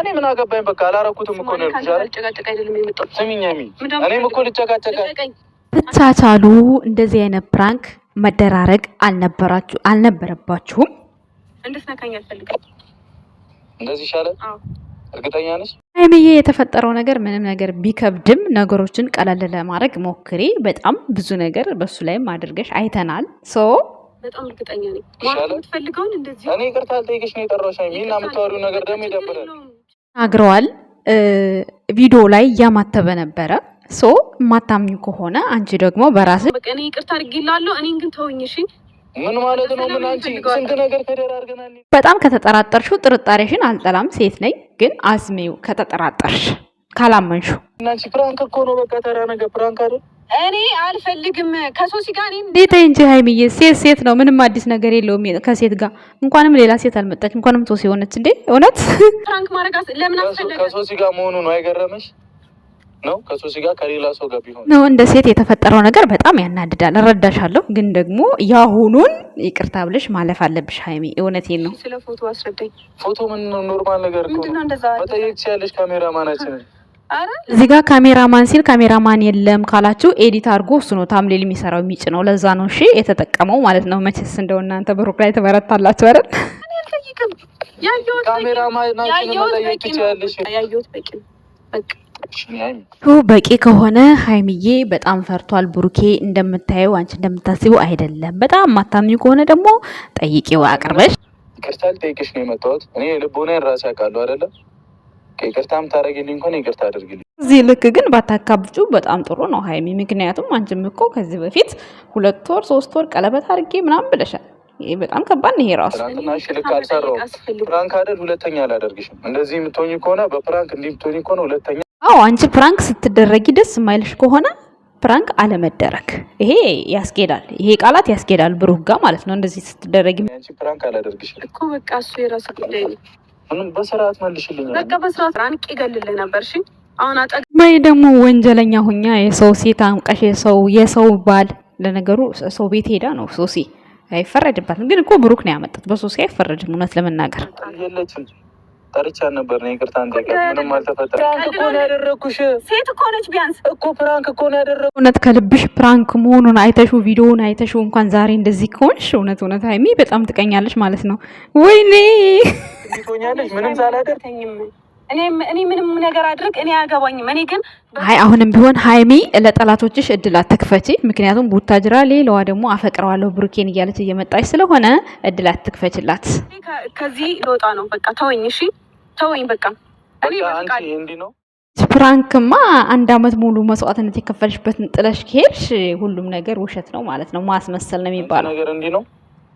እኔ ምን አገባኝ? በቃ አላረኩትም እኮ ነው። እኔም እኮ ልጨቃጨቃ ትሳሳሉ። እንደዚህ አይነት ፕራንክ መደራረግ አልነበራችሁ አልነበረባችሁም። እንድትነካኝ አልፈልግም። እንደዚህ ይሻላል። እርግጠኛ ነች ሀይሚዬ የተፈጠረው ነገር ምንም ነገር ቢከብድም ነገሮችን ቀለል ለማድረግ ሞክሬ በጣም ብዙ ነገር በሱ ላይም አድርገሽ አይተናል። ሶ በጣም እርግጠኛ ነኝ። እኔ ይቅርታ አልጠይቅሽ ነው የጠራሁሽ። ሀይሚ እና የምታወሪው ነገር ደግሞ ይደብራል። ተናግረዋል። ቪዲዮ ላይ እያማተበ ነበረ። ሶ ማታምኙ ከሆነ አንቺ ደግሞ በራስሽ በቃ እኔ ይቅርታ አድርጌላለሁ። እኔን ግን ተወኝ ምን ማለት ነው? ምን አንቺ ስንት ነገር ተደራርገናል። በጣም ከተጠራጠርሽው፣ ጥርጣሬሽን አልጠላም፣ ሴት ነኝ ግን አዝሜው ከተጠራጠርሽ፣ ካላመንሽው እናንቺ ፕራንክ እኮ ነው። በቃ ተራ ነገር አይደል እኔ አልፈልግም ከሶሲ ጋር እኔ ተይ እንጂ ሀይሚዬ፣ ሴት ሴት ነው። ምንም አዲስ ነገር የለውም ከሴት ጋር። እንኳንም ሌላ ሴት አልመጣች፣ እንኳንም ሶሲ ሆነች። እንዴ እውነት ፍራንክ ማረጋስ ለምን አስፈለገ? ከሶሲ ጋር መሆኑ ነው አይገረመሽ? ነው ከሶሲ ጋር ከሌላ ሰው ጋር ቢሆን ነው። እንደ ሴት የተፈጠረው ነገር በጣም ያናድዳል። እረዳሻለሁ፣ ግን ደግሞ ያሁኑን ይቅርታ ብለሽ ማለፍ አለብሽ ሀይሚ። እውነቴን ነው። ስለ ፎቶ አስረዳኝ። ፎቶ ምን ኖርማል ነገር ነው። ምንድነው እንደዛ መጠየቅ ያለሽ ካሜራማናችንን እዚህ ጋር ካሜራማን ሲል ካሜራማን የለም ካላችሁ ኤዲት አድርጎ እሱ ነው ታምሌል የሚሰራው የሚጭነው። ለዛ ነው እሺ የተጠቀመው ማለት ነው። መቼስ እንደው እናንተ ብሩክ ላይ ተበረታላችሁ አይደል? በቂ ከሆነ ሀይምዬ በጣም ፈርቷል። ብሩኬ እንደምታየው አንቺ እንደምታስቡ አይደለም። በጣም ማታምኝ ከሆነ ደግሞ ጠይቄው አቅርበሽ ይቅርታ ልጠይቅሽ ነው የመጣሁት እኔ ልቦና ራሴ ያውቃለሁ አይደለም ይቅርታ ታደረግልኝ እንኳን ይቅርታ አድርግልኝ። እዚህ ልክ ግን ባታካብጩ በጣም ጥሩ ነው ሀይሚ። ምክንያቱም አንቺም እኮ ከዚህ በፊት ሁለት ወር ሶስት ወር ቀለበት አድርጌ ምናምን ብለሻል። በጣም ከባድ ነው ይሄ ራሱ። ልክ አልሰራሁም ፕራንክ አይደል፣ ሁለተኛ አላደርግሽም። እንደዚህ የምትሆኝ ከሆነ በፕራንክ እንዲህ የምትሆኝ ከሆነ ሁለተኛ። አዎ አንቺ ፕራንክ ስትደረጊ ደስ የማይልሽ ከሆነ ፕራንክ አለመደረግ ይሄ ያስኬዳል። ይሄ ቃላት ያስኬዳል። ብሩህ ጋ ማለት ነው እንደዚህ ስትደረጊ። አንቺ ፕራንክ አላደርግሽም እኮ በቃ እሱ የራሱ ጉዳይ ነው በስርዓት መልሽልኝ። በቃ በስርዓት አንቄ ነበር። እሺ አሁን ደግሞ ወንጀለኛ ሁኛ የሰው ሴት አምቀሽ የሰው የሰው ባል ለነገሩ ሰው ቤት ሄዳ ነው ሶሲ አይፈረድባትም። ግን እኮ ብሩክ ነው ያመጣት። በሶሲ አይፈረድም እውነት ለመናገር የለችም ጠርቻ ነበር ነው ይቅርታ ንጠቀ ምንም አልተፈጠረም። ፕራንክ እኮ ነው ያደረግኩሽ። ሴት እኮ ነች ቢያንስ እኮ ፕራንክ እኮ ነው ያደረግኩሽ። እውነት ከልብሽ ፕራንክ መሆኑን አይተሹ ቪዲዮውን አይተሹ እንኳን ዛሬ እንደዚህ ከሆንሽ እውነት እውነት ሀይሚ በጣም ትቀኛለች ማለት ነው። ወይኔ ምንም ሳላደርግ እኔ ምንም ነገር አድርግ እኔ አያገባኝም። እኔ ግን አይ አሁንም ቢሆን ሀይሚ ለጠላቶችሽ እድል አትክፈቺ። ምክንያቱም ቡታጅራ ሌላዋ ደግሞ አፈቅረዋለሁ ብሩኬን እያለች እየመጣች ስለሆነ እድል አትክፈችላት። ከዚህ ልወጣ ነው በቃ ተወኝ፣ እሺ ተወኝ በቃ እኔ በቃ ነው ፕራንክማ አንድ አመት ሙሉ መስዋዕትነት የከፈልሽበትን ጥለሽ ከሄድሽ ሁሉም ነገር ውሸት ነው ማለት ነው። ማስመሰል ነው የሚባለው ነገር እንዲህ ነው።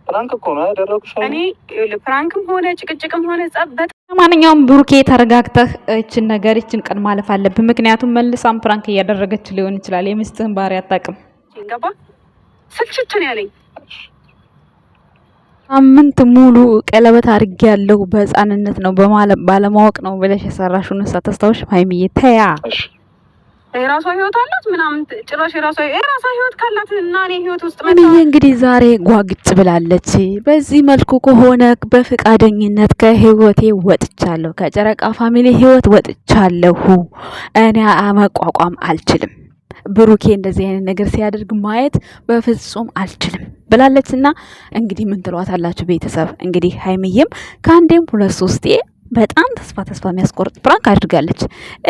ፕራንክ እኮ ነው ያደረጉሽ። እኔ ፕራንክም ሆነ ጭቅጭቅም ሆነ ጸበት ማንኛውም ብሩኬ ተረጋግተህ እችን ነገር እችን ቀን ማለፍ አለብህ። ምክንያቱም መልሳም ፕራንክ እያደረገች ሊሆን ይችላል። የምስትህን ባህሪ አታውቅም። ስልችችን ያለኝ። ሳምንት ሙሉ ቀለበት አድርጌ ያለው በህፃንነት ነው ባለማወቅ ነው ብለሽ የሰራሽውን ሳታስታውሽ ሀይሚዬ ተያ የራሷ ህይወት አላት ምናምን ጭራሽ የራሷ የራሷ ህይወት ካላት እና እኔ ህይወት ውስጥ መጣ እንግዲህ ዛሬ ጓግጭ ብላለች። በዚህ መልኩ ከሆነ በፈቃደኝነት ከህይወቴ ወጥቻለሁ፣ ከጨረቃ ፋሚሊ ህይወት ወጥቻለሁ። እኔ መቋቋም አልችልም። ብሩኬ እንደዚህ አይነት ነገር ሲያደርግ ማየት በፍጹም አልችልም ብላለችና እንግዲህ ምን ትሏታላችሁ ቤተሰብ? እንግዲህ ሀይምዬም ከአንዴም ሁለት ሶስቴ በጣም ተስፋ ተስፋ የሚያስቆርጥ ፕራንክ አድርጋለች።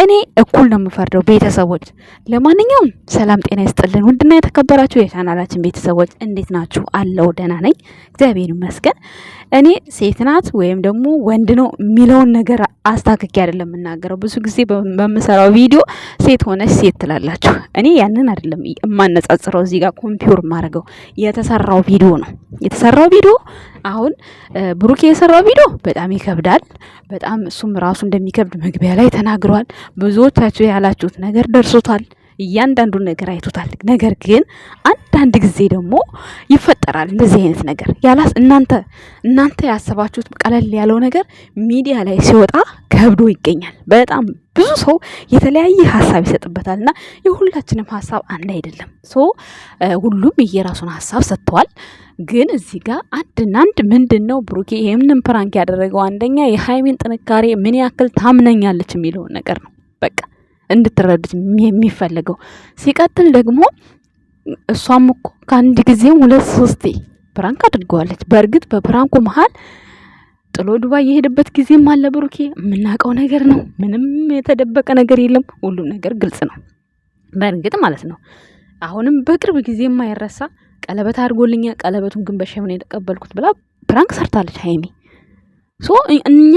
እኔ እኩል ነው የምፈርደው ቤተሰቦች። ለማንኛውም ሰላም ጤና ይስጥልን ውድና የተከበራችሁ የቻናላችን ቤተሰቦች እንዴት ናችሁ? አለው ደህና ነኝ እግዚአብሔር ይመስገን። እኔ ሴት ናት ወይም ደግሞ ወንድ ነው የሚለውን ነገር አስታክኬ አይደለም የምናገረው። ብዙ ጊዜ በምሰራው ቪዲዮ ሴት ሆነች ሴት ትላላችሁ። እኔ ያንን አይደለም የማነጻጽረው። እዚህ ጋር ኮምፒውር ማድረገው የተሰራው ቪዲዮ ነው የተሰራው ቪዲዮ አሁን ብሩኬ የሰራው ቪዲዮ በጣም ይከብዳል በጣም እሱም ራሱ እንደሚከብድ መግቢያ ላይ ተናግሯል። ብዙዎቻችሁ ያላችሁት ነገር ደርሶታል። እያንዳንዱን ነገር አይቶታል። ነገር ግን አንዳንድ ጊዜ ደግሞ ይፈጠራል እንደዚህ አይነት ነገር ያላስ እናንተ እናንተ ያሰባችሁት ቀለል ያለው ነገር ሚዲያ ላይ ሲወጣ ከብዶ ይገኛል። በጣም ብዙ ሰው የተለያየ ሀሳብ ይሰጥበታል እና የሁላችንም ሀሳብ አንድ አይደለም። ሶ ሁሉም የየራሱን ሀሳብ ሰጥተዋል። ግን እዚህ ጋር አንድና አንድ ምንድን ነው ብሩኬ ይህንን ፕራንክ ያደረገው አንደኛ የሀይሚን ጥንካሬ ምን ያክል ታምነኛለች የሚለውን ነገር ነው በቃ እንድትረዱት የሚፈልገው ሲቀጥል ደግሞ እሷም እኮ ከአንድ ጊዜም ሁለት ሶስቴ ፕራንክ አድርገዋለች። በእርግጥ በፕራንኩ መሀል ጥሎ ዱባይ የሄደበት ጊዜም አለ። ብሩኬ የምናውቀው ነገር ነው። ምንም የተደበቀ ነገር የለም። ሁሉም ነገር ግልጽ ነው፣ በእርግጥ ማለት ነው። አሁንም በቅርብ ጊዜ የማይረሳ ቀለበት አድርጎልኛ ቀለበቱን ግን በሸም ነው የተቀበልኩት ብላ ፕራንክ ሰርታለች ሀይሚ። ሶ እኛ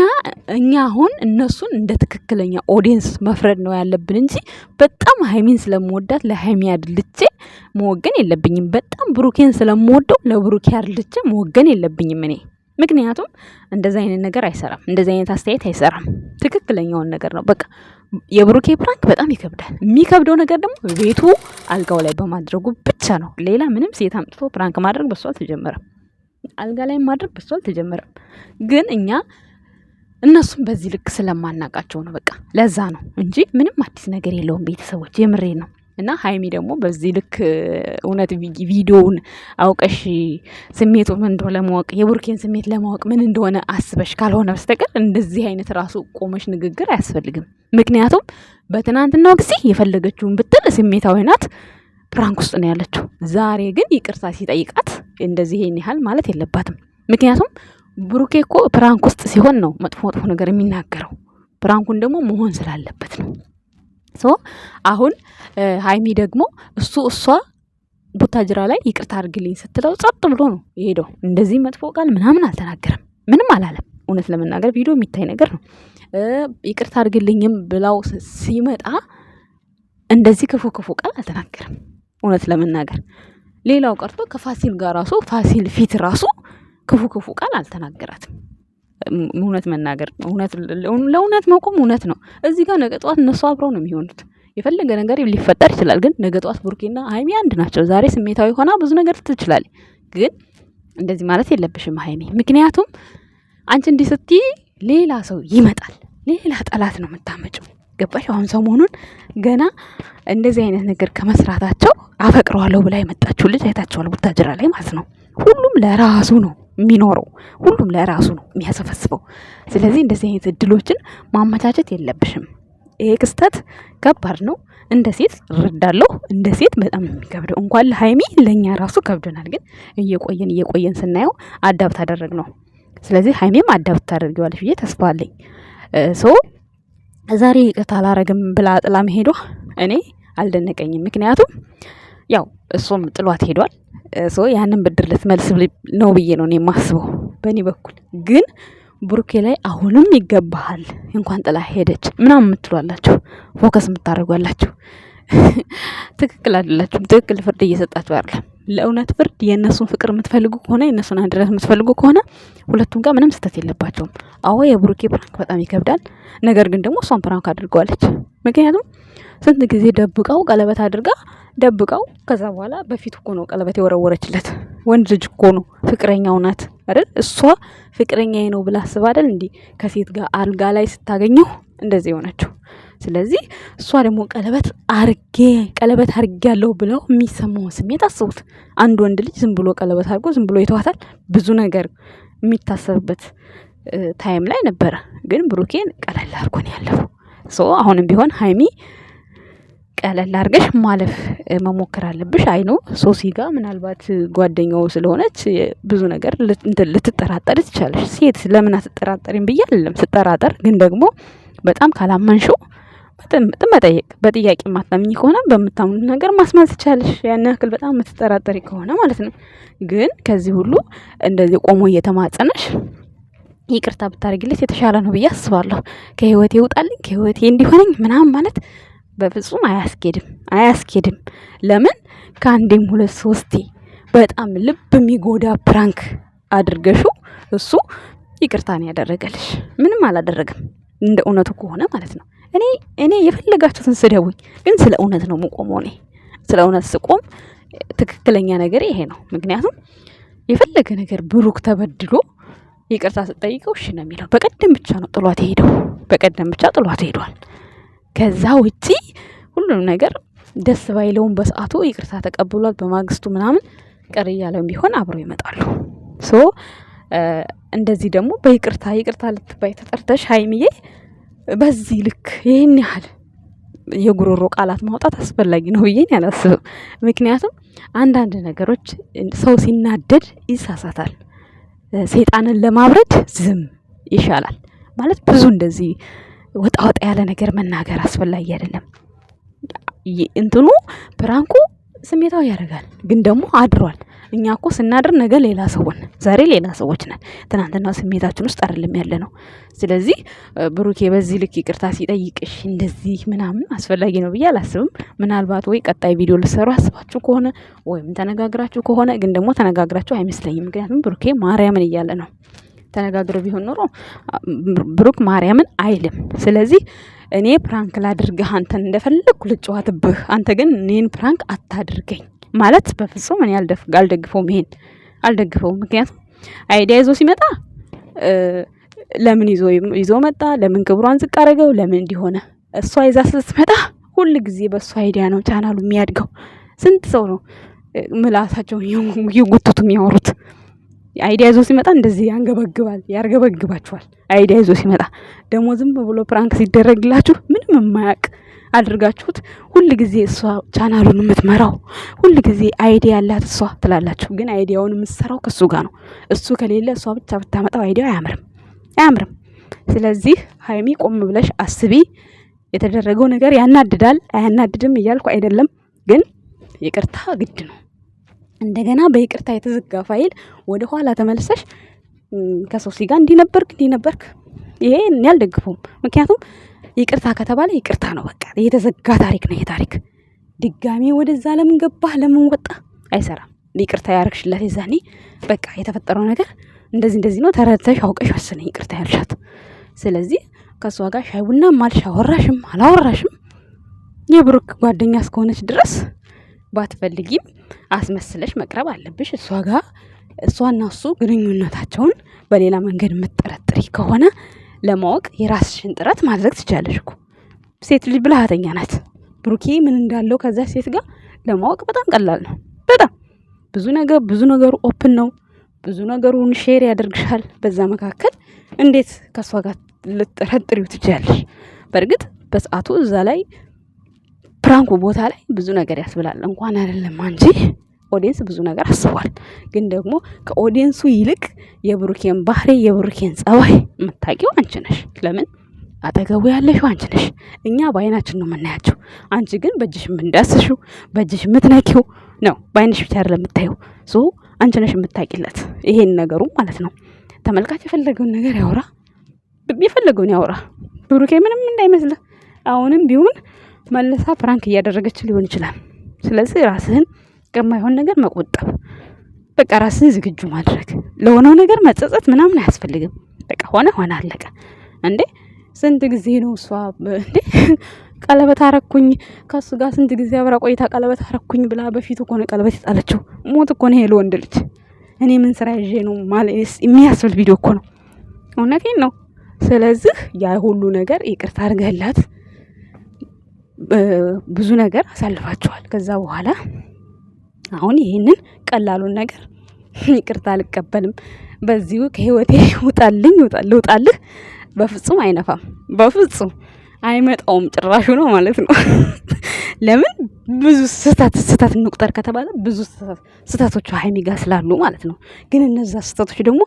እኛ አሁን እነሱን እንደ ትክክለኛ ኦዲየንስ መፍረድ ነው ያለብን እንጂ በጣም ሀይሚን ስለምወዳት ለሀይሚ አድልቼ መወገን የለብኝም። በጣም ብሩኬን ስለምወደው ለብሩኬ አድልቼ መወገን የለብኝም እኔ ምክንያቱም እንደዚ አይነት ነገር አይሰራም፣ እንደዚ አይነት አስተያየት አይሰራም። ትክክለኛውን ነገር ነው። በቃ የብሩኬ ፕራንክ በጣም ይከብዳል። የሚከብደው ነገር ደግሞ ቤቱ አልጋው ላይ በማድረጉ ብቻ ነው። ሌላ ምንም ሴት አምጥቶ ፕራንክ ማድረግ በሱ አልተጀመረም፣ አልጋ ላይ ማድረግ በሱ አልተጀመረም። ግን እኛ እነሱም በዚህ ልክ ስለማናቃቸው ነው። በቃ ለዛ ነው እንጂ ምንም አዲስ ነገር የለውም። ቤተሰቦች የምሬ ነው። እና ሀይሚ ደግሞ በዚህ ልክ እውነት ቪዲዮውን አውቀሽ ስሜቱ ምን እንደሆነ ለማወቅ የቡርኬን ስሜት ለማወቅ ምን እንደሆነ አስበሽ ካልሆነ በስተቀር እንደዚህ አይነት ራሱ ቆመሽ ንግግር አያስፈልግም። ምክንያቱም በትናንትናው ጊዜ የፈለገችውን ብትል ስሜታዊ ናት፣ ፕራንክ ውስጥ ነው ያለችው። ዛሬ ግን ይቅርታ ሲጠይቃት እንደዚህ ይሄን ያህል ማለት የለባትም። ምክንያቱም ብሩኬ እኮ ፕራንክ ውስጥ ሲሆን ነው መጥፎ መጥፎ ነገር የሚናገረው። ፕራንኩን ደግሞ መሆን ስላለበት ነው። ሶ አሁን ሀይሚ ደግሞ እሱ እሷ ቡታጅራ ላይ ይቅርታ አድርግልኝ ስትለው ጸጥ ብሎ ነው የሄደው። እንደዚህ መጥፎ ቃል ምናምን አልተናገረም፣ ምንም አላለም። እውነት ለመናገር ቪዲዮ የሚታይ ነገር ነው። ይቅርታ አድርግልኝም ብላው ሲመጣ እንደዚህ ክፉ ክፉ ቃል አልተናገረም። እውነት ለመናገር ሌላው ቀርቶ ከፋሲል ጋር ራሱ ፋሲል ፊት ራሱ ክፉ ክፉ ቃል አልተናገራትም። እውነት መናገር ለእውነት መቆም እውነት ነው። እዚህ ጋር ነገ ጠዋት እነሱ አብረው ነው የሚሆኑት። የፈለገ ነገር ሊፈጠር ይችላል፣ ግን ነገ ጠዋት ሀይሚ አንድ ናቸው። ዛሬ ስሜታዊ ሆና ብዙ ነገር ትችላል፣ ግን እንደዚህ ማለት የለብሽም ሀይሚ። ምክንያቱም አንቺ እንዲህ ስትይ ሌላ ሰው ይመጣል፣ ሌላ ጠላት ነው የምታመጭው። ገባሽ? አሁን ሰሞኑን ገና እንደዚህ አይነት ነገር ከመስራታቸው አፈቅረዋለሁ ብላ የመጣችው ልጅ አይታቸዋል፣ ቡታጅራ ላይ ማለት ነው። ሁሉም ለራሱ ነው የሚኖረው። ሁሉም ለራሱ ነው የሚያሰፈስበው። ስለዚህ እንደዚህ አይነት እድሎችን ማመቻቸት የለብሽም። ይሄ ክስተት ከባድ ነው። እንደ ሴት እረዳለሁ። እንደ ሴት በጣም የሚከብደው። እንኳን ለሀይሚ ለእኛ ራሱ ከብደናል። ግን እየቆየን እየቆየን ስናየው አዳብ ታደረግ ነው። ስለዚህ ሀይሜም አዳብ ታደርጊዋለሽ ብዬ ተስፋ አለኝ። ዛሬ ይቅርታ አላረግም ብላ ጥላ መሄዷ እኔ አልደነቀኝም። ምክንያቱም ያው እሱም ጥሏት ሄዷል። ሶ ያንን ብድር ልትመልስ ነው ብዬ ነው የማስበው በእኔ በኩል ግን ብሩኬ ላይ አሁንም ይገባሃል እንኳን ጥላ ሄደች ምናምን የምትሏላችሁ ፎከስ የምታደርጓላችሁ ትክክል አይደላችሁም። ትክክል ፍርድ እየሰጣችሁ አይደለም። ለእውነት ፍርድ የእነሱን ፍቅር የምትፈልጉ ከሆነ የእነሱን አንድነት የምትፈልጉ ከሆነ ሁለቱም ጋር ምንም ስህተት የለባቸውም። አዎ የብሩኬ ፕራንክ በጣም ይከብዳል። ነገር ግን ደግሞ እሷን ፕራንክ አድርገዋለች። ምክንያቱም ስንት ጊዜ ደብቀው ቀለበት አድርጋ ደብቀው ከዛ በኋላ በፊት እኮ ነው ቀለበት የወረወረችለት። ወንድ ልጅ እኮ ነው ፍቅረኛው ናት አይደል? እሷ ፍቅረኛዬ ነው ብላ አስባ አይደል እንዲህ ከሴት ጋር አልጋ ላይ ስታገኘው እንደዚህ የሆነችው። ስለዚህ እሷ ደግሞ ቀለበት አርጌ ቀለበት አርጌ ያለው ብለው የሚሰማውን ስሜት አስቡት። አንድ ወንድ ልጅ ዝም ብሎ ቀለበት አድርጎ ዝም ብሎ ይተዋታል። ብዙ ነገር የሚታሰብበት ታይም ላይ ነበረ። ግን ብሩኬን ቀለል አድርጎን ያለው ሶ አሁንም ቢሆን ሀይሚ ቀለል አድርገሽ ማለፍ መሞከር አለብሽ። አይኖ ሶሲ ጋ ምናልባት ጓደኛው ስለሆነች ብዙ ነገር ልትጠራጠር ትቻለሽ። ሴት ለምን አትጠራጠሪም ብዬ አይደለም። ስጠራጠር ግን ደግሞ በጣም ካላመንሽው መጠየቅ በጥያቄ ማታምኝ ከሆነ በምታምኑት ነገር ማስማት ትቻለሽ። ያን ያክል በጣም የምትጠራጠሪ ከሆነ ማለት ነው። ግን ከዚህ ሁሉ እንደዚህ ቆሞ እየተማጸነሽ ይቅርታ ብታደርግለት የተሻለ ነው ብዬ አስባለሁ። ከህይወቴ ይውጣልኝ፣ ከህይወቴ እንዲሆነኝ ምናምን ማለት በፍጹም አያስኬድም አያስኬድም። ለምን ከአንዴም ሁለት ሶስቴ በጣም ልብ የሚጎዳ ፕራንክ አድርገሽው እሱ ይቅርታን ያደረገልሽ ምንም አላደረግም። እንደ እውነቱ ከሆነ ማለት ነው። እኔ እኔ የፈለጋችሁትን ስደውኝ፣ ግን ስለ እውነት ነው የምቆመው። እኔ ስለ እውነት ስቆም ትክክለኛ ነገር ይሄ ነው። ምክንያቱም የፈለገ ነገር ብሩክ ተበድሎ ይቅርታ ስጠይቀው እሺ ነው የሚለው። በቀደም ብቻ ነው ጥሏት ሄደው፣ በቀደም ብቻ ጥሏት ሄዷል። ከዛ ውጪ ሁሉም ነገር ደስ ባይለውም በሰዓቱ ይቅርታ ተቀብሏል። በማግስቱ ምናምን ቀር እያለም ቢሆን አብረው ይመጣሉ። ሶ እንደዚህ ደግሞ በይቅርታ ይቅርታ ልትባይ ተጠርተሽ ሀይሚዬ በዚህ ልክ ይህን ያህል የጉሮሮ ቃላት ማውጣት አስፈላጊ ነው ብዬን ያላስብም። ምክንያቱም አንዳንድ ነገሮች ሰው ሲናደድ ይሳሳታል። ሰይጣንን ለማብረድ ዝም ይሻላል ማለት ብዙ እንደዚህ ወጣወጣ ያለ ነገር መናገር አስፈላጊ አይደለም። እንትኑ ፕራንኩ ስሜታዊ ያደርጋል፣ ግን ደግሞ አድሯል። እኛ እኮ ስናድር ነገ ሌላ ሰውን ዛሬ ሌላ ሰዎች ነን። ትናንትና ስሜታችን ውስጥ አይደለም ያለ ነው። ስለዚህ ብሩኬ በዚህ ልክ ይቅርታ ሲጠይቅሽ እንደዚህ ምናምን አስፈላጊ ነው ብዬ አላስብም። ምናልባት ወይ ቀጣይ ቪዲዮ ልሰሩ አስባችሁ ከሆነ ወይም ተነጋግራችሁ ከሆነ ግን ደግሞ ተነጋግራችሁ አይመስለኝም። ምክንያቱም ብሩኬ ማርያምን እያለ ነው ተነጋግረው ቢሆን ኖሮ ብሩክ ማርያምን አይልም። ስለዚህ እኔ ፕራንክ ላድርግህ፣ አንተን እንደፈለግኩ ልጨዋትብህ፣ አንተ ግን እኔን ፕራንክ አታድርገኝ ማለት በፍጹም እኔ አልደግፈውም። ይሄን አልደግፈውም። ምክንያቱም አይዲያ ይዞ ሲመጣ ለምን ይዞ ይዞ መጣ? ለምን ክብሯን ዝቅ ለምን እንዲሆነ እሷ ይዛ ስትመጣ ሁል ጊዜ በእሱ አይዲያ ነው ቻናሉ የሚያድገው። ስንት ሰው ነው ምላሳቸውን እየጎተቱ የሚያወሩት? አይዲያ ይዞ ሲመጣ እንደዚህ ያንገበግባል፣ ያርገበግባችኋል። አይዲያ ይዞ ሲመጣ ደግሞ ዝም ብሎ ፕራንክ ሲደረግላችሁ ምንም የማያውቅ አድርጋችሁት ሁል ጊዜ እሷ ቻናሉን የምትመራው ሁል ጊዜ አይዲያ ያላት እሷ ትላላችሁ። ግን አይዲያውን የምትሰራው ከእሱ ጋር ነው። እሱ ከሌለ እሷ ብቻ ብታመጣው አይዲያው አያምርም፣ አያምርም። ስለዚህ ሀይሚ ቆም ብለሽ አስቢ። የተደረገው ነገር ያናድዳል አያናድድም እያልኩ አይደለም፣ ግን ይቅርታ ግድ ነው። እንደገና በይቅርታ የተዘጋ ፋይል ወደ ኋላ ተመልሰሽ ከሶሲ ጋር እንዲነበርክ እንዲነበርክ ይሄ እኔ አልደግፈውም። ምክንያቱም ይቅርታ ከተባለ ይቅርታ ነው፣ በቃ የተዘጋ ታሪክ ነው። ይሄ ታሪክ ድጋሚ ወደዛ ለምን ገባህ ለምን ወጣ አይሰራም። ይቅርታ ያረግሽላት የዛኔ በቃ የተፈጠረው ነገር እንደዚህ እንደዚህ ነው፣ ተረድተሽ አውቀሽ ወስነ ይቅርታ ያልሻት። ስለዚህ ከእሷ ጋር ሻይ ቡናም አልሽ አወራሽም አላወራሽም የብሩክ ጓደኛ እስከሆነች ድረስ ባትፈልጊም አስመስለሽ መቅረብ አለብሽ። እሷ ጋ እሷና እሱ ግንኙነታቸውን በሌላ መንገድ የምትጠረጥሪ ከሆነ ለማወቅ የራስሽን ጥረት ማድረግ ትቻለሽ እኮ። ሴት ልጅ ብልሃተኛ ናት። ብሩኬ ምን እንዳለው ከዚያ ሴት ጋር ለማወቅ በጣም ቀላል ነው። በጣም ብዙ ነገር ብዙ ነገሩ ኦፕን ነው። ብዙ ነገሩን ሼር ያደርግሻል። በዛ መካከል እንዴት ከእሷ ጋር ልጠረጥሪው ትችላለሽ? በእርግጥ በሰዓቱ እዛ ላይ ፕራንኩ ቦታ ላይ ብዙ ነገር ያስብላል። እንኳን አይደለም አንቺ ኦዲየንስ ብዙ ነገር አስቧል። ግን ደግሞ ከኦዲየንሱ ይልቅ የብሩኬን ባህሪ የብሩኬን ጸባይ የምታውቂው አንቺ ነሽ። ለምን አጠገቡ ያለሽው አንቺ ነሽ። እኛ በአይናችን ነው የምናያቸው። አንቺ ግን በእጅሽ የምንዳስሽው በእጅሽ የምትነኪው ነው። በአይንሽ ብቻ አይደለም የምታየው። ሶ አንቺ ነሽ የምታውቂለት ይሄን ነገሩ ማለት ነው። ተመልካች የፈለገውን ነገር ያወራ፣ የፈለገውን ያወራ። ብሩኬ ምንም እንዳይመስልህ አሁንም ቢሆን መልሳ ፍራንክ እያደረገች ሊሆን ይችላል። ስለዚህ ራስህን ከማይሆን ነገር መቆጠብ፣ በቃ ራስህን ዝግጁ ማድረግ፣ ለሆነው ነገር መጸጸት ምናምን አያስፈልግም። በቃ ሆነ ሆነ አለቀ። እንዴ ስንት ጊዜ ነው እሷ እንዴ ቀለበት አረኩኝ ከሱ ጋር ስንት ጊዜ አብራ ቆይታ ቀለበት አረኩኝ ብላ በፊቱ እኮ ነው ቀለበት የጣለችው። ሞት እኮ ነው ለወንድ ልጅ። እኔ ምን ስራ ይዤ ነው ማለት የሚያስብል ቪዲዮ እኮ ነው። እውነቴን ነው። ስለዚህ ያ ሁሉ ነገር ይቅርታ አድርገህላት ብዙ ነገር አሳልፋችኋል። ከዛ በኋላ አሁን ይህንን ቀላሉን ነገር ይቅርታ አልቀበልም፣ በዚሁ ከህይወቴ ውጣልኝ፣ ልውጣልህ፣ በፍጹም አይነፋም፣ በፍጹም አይመጣውም፣ ጭራሹ ነው ማለት ነው። ለምን ብዙ ስህተት ስህተት እንቁጠር ከተባለ ብዙ ስህተቶቹ ሀይሚ ጋር ስላሉ ማለት ነው። ግን እነዛ ስህተቶች ደግሞ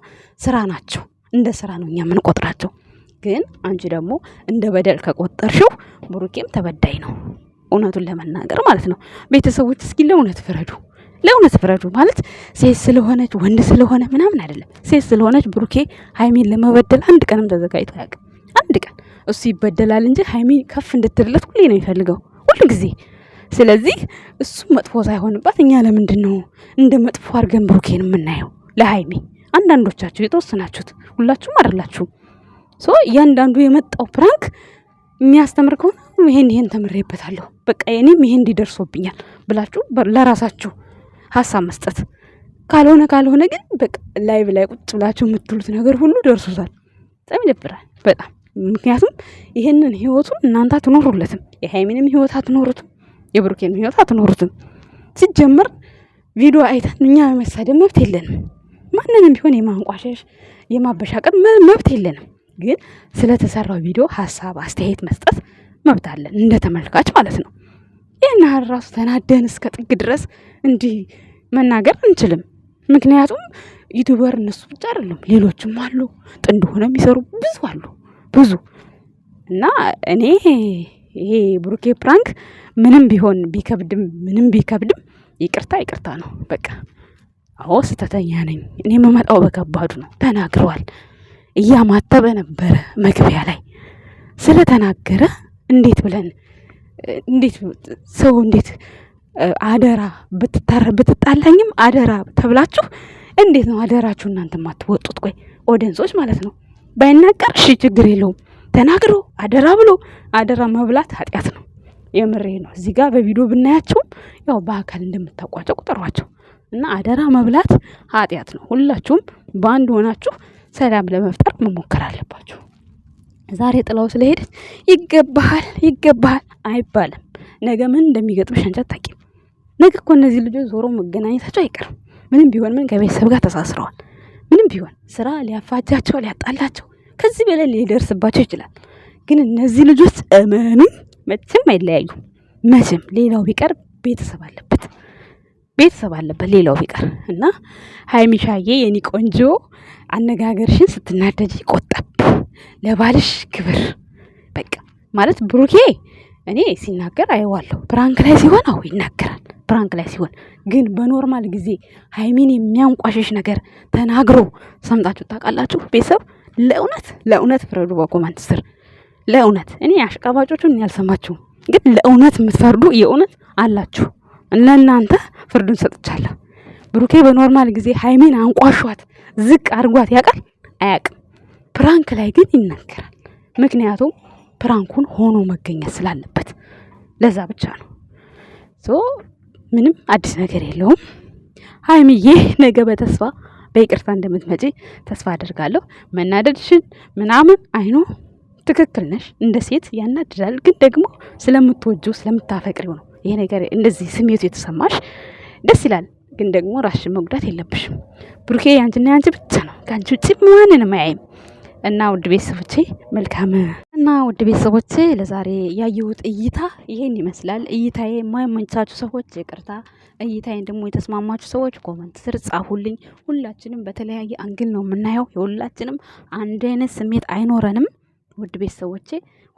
ስራ ናቸው። እንደ ስራ ነው እኛ የምንቆጥራቸው። ግን አንቺ ደግሞ እንደ በደል ከቆጠርሽው ብሩኬም ተበዳይ ነው። እውነቱን ለመናገር ማለት ነው። ቤተሰቦች እስኪ ለእውነት ፍረዱ፣ ለእውነት ፍረዱ። ማለት ሴት ስለሆነች ወንድ ስለሆነ ምናምን አይደለም። ሴት ስለሆነች ብሩኬ ሀይሚን ለመበደል አንድ ቀንም ተዘጋጅቶ አያውቅም። አንድ ቀን እሱ ይበደላል እንጂ ሀይሚን ከፍ እንድትልለት ሁሌ ነው የሚፈልገው፣ ሁል ጊዜ። ስለዚህ እሱም መጥፎ ሳይሆንባት እኛ ለምንድን ነው እንደ መጥፎ አድርገን ብሩኬን የምናየው? ለሀይሚ አንዳንዶቻችሁ የተወሰናችሁት፣ ሁላችሁም አይደላችሁም። ሶ እያንዳንዱ የመጣው ፕራንክ የሚያስተምር ከሆነ ይሄን ይሄን ተምሬበታለሁ፣ በቃ የኔም ይሄ እንዲደርሶብኛል ብላችሁ ለራሳችሁ ሀሳብ መስጠት ካልሆነ ካልሆነ ግን በቃ ላይቭ ላይ ቁጭ ብላችሁ የምትሉት ነገር ሁሉ ደርሶታል። በጣም ይደብራል፣ በጣም ምክንያቱም ይሄንን ህይወቱን እናንተ አትኖሩለትም። የሃይሚንም ህይወት አትኖሩትም። የብሩኬንም ህይወት አትኖሩትም። ሲጀመር ቪዲዮ አይተን እኛ መሳደብ መብት የለንም። ማንንም ቢሆን የማንቋሸሽ የማበሻቀጥ መብት የለንም። ግን ስለተሰራው ቪዲዮ ሀሳብ አስተያየት መስጠት መብት አለን፣ እንደ ተመልካች ማለት ነው። ይህን ያህል ራሱ ተናደን እስከ ጥግ ድረስ እንዲህ መናገር አንችልም። ምክንያቱም ዩቱበር እነሱ ብቻ አይደለም፣ ሌሎችም አሉ፣ ጥንድ ሆነ የሚሰሩ ብዙ አሉ፣ ብዙ እና እኔ ይሄ ብሩኬ ፕራንክ ምንም ቢሆን ቢከብድም ምንም ቢከብድም ይቅርታ ይቅርታ ነው በቃ። አዎ ስህተተኛ ነኝ እኔ የምመጣው በከባዱ ነው ተናግረዋል። እያማተበ ነበረ መግቢያ ላይ ስለተናገረ እንዴት ብለን እንዴት ሰው እንዴት አደራ ብትጣላኝም አደራ ተብላችሁ እንዴት ነው አደራችሁ እናንተ ማትወጡት? ቆይ ኦደንሶች ማለት ነው። ባይናገር እሺ ችግር የለውም። ተናግሮ አደራ ብሎ አደራ መብላት ኃጢአት ነው። የምሬ ነው። እዚህ ጋር በቪዲዮ ብናያቸውም ያው በአካል እንደምታውቋቸው ቁጠሯቸው እና አደራ መብላት ኃጢአት ነው። ሁላችሁም በአንድ ሆናችሁ ሰላም ለመፍጠር መሞከር አለባችሁ። ዛሬ ጥላው ስለሄደች ይገባሃል ይገባሃል አይባልም። ነገ ምን እንደሚገጥምሽ አንቺ አታውቂም። ነገ እኮ እነዚህ ልጆች ዞሮ መገናኘታቸው አይቀርም። ምንም ቢሆን ምን ከቤተሰብ ጋር ተሳስረዋል። ምንም ቢሆን ስራ ሊያፋጃቸው ሊያጣላቸው፣ ከዚህ በላይ ሊደርስባቸው ይችላል። ግን እነዚህ ልጆች እመኑኝ መቼም አይለያዩም። መቼም ሌላው ቢቀርብ ቤተሰብ አለ ቤተሰብ አለበት ሌላው ቢቀር እና ሀይሚሻዬ የኔ ቆንጆ አነጋገርሽን ስትናደጅ ቆጠብ፣ ለባልሽ ክብር። በቃ ማለት ብሩኬ እኔ ሲናገር አይዋለሁ ፕራንክ ላይ ሲሆን አሁ ይናገራል። ፕራንክ ላይ ሲሆን ግን በኖርማል ጊዜ ሀይሚን የሚያንቋሸሽ ነገር ተናግሮ ሰምጣችሁ ታውቃላችሁ? ቤተሰብ ለእውነት ለእውነት ፍረዱ በኮመንት ስር ለእውነት እኔ አሽቃባጮቹን ያልሰማችሁ ግን ለእውነት የምትፈርዱ የእውነት አላችሁ። ለእናንተ ፍርዱን ሰጥቻለሁ። ብሩኬ በኖርማል ጊዜ ሀይሜን አንቋሿት ዝቅ አድርጓት ያውቃል አያውቅም? ፕራንክ ላይ ግን ይናገራል። ምክንያቱም ፕራንኩን ሆኖ መገኘት ስላለበት ለዛ ብቻ ነው። ሶ ምንም አዲስ ነገር የለውም። ሀይሚዬ ነገ በተስፋ በይቅርታ እንደምትመጪ ተስፋ አደርጋለሁ። መናደድሽን ምናምን አይኖ ትክክል ነሽ። እንደ ሴት ያናድዳል፣ ግን ደግሞ ስለምትወጁ ስለምታፈቅሪው ነው። ይሄ ነገር እንደዚህ ስሜቱ የተሰማሽ ደስ ይላል። ግን ደግሞ ራስሽን መጉዳት የለብሽም። ብሩኬ ያንቺና ያንቺ ብቻ ነው። ከአንቺ ውጭ ማንንም አያይም። እና ውድ ቤተሰቦቼ መልካም እና ውድ ቤተሰቦቼ ለዛሬ ያየሁት እይታ ይሄን ይመስላል። እይታዬ የማይመቻችሁ ሰዎች ይቅርታ፣ እይታዬን ደግሞ የተስማማችሁ ሰዎች ኮመንት ስር ጻፉልኝ። ሁላችንም በተለያየ አንግል ነው የምናየው። የሁላችንም አንድ አይነት ስሜት አይኖረንም። ውድ ቤተሰቦቼ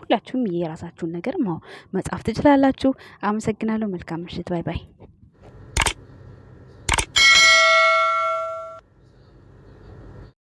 ሁላችሁም የራሳችሁን ነገር መጻፍ ትችላላችሁ። አመሰግናለሁ። መልካም ምሽት። ባይ ባይ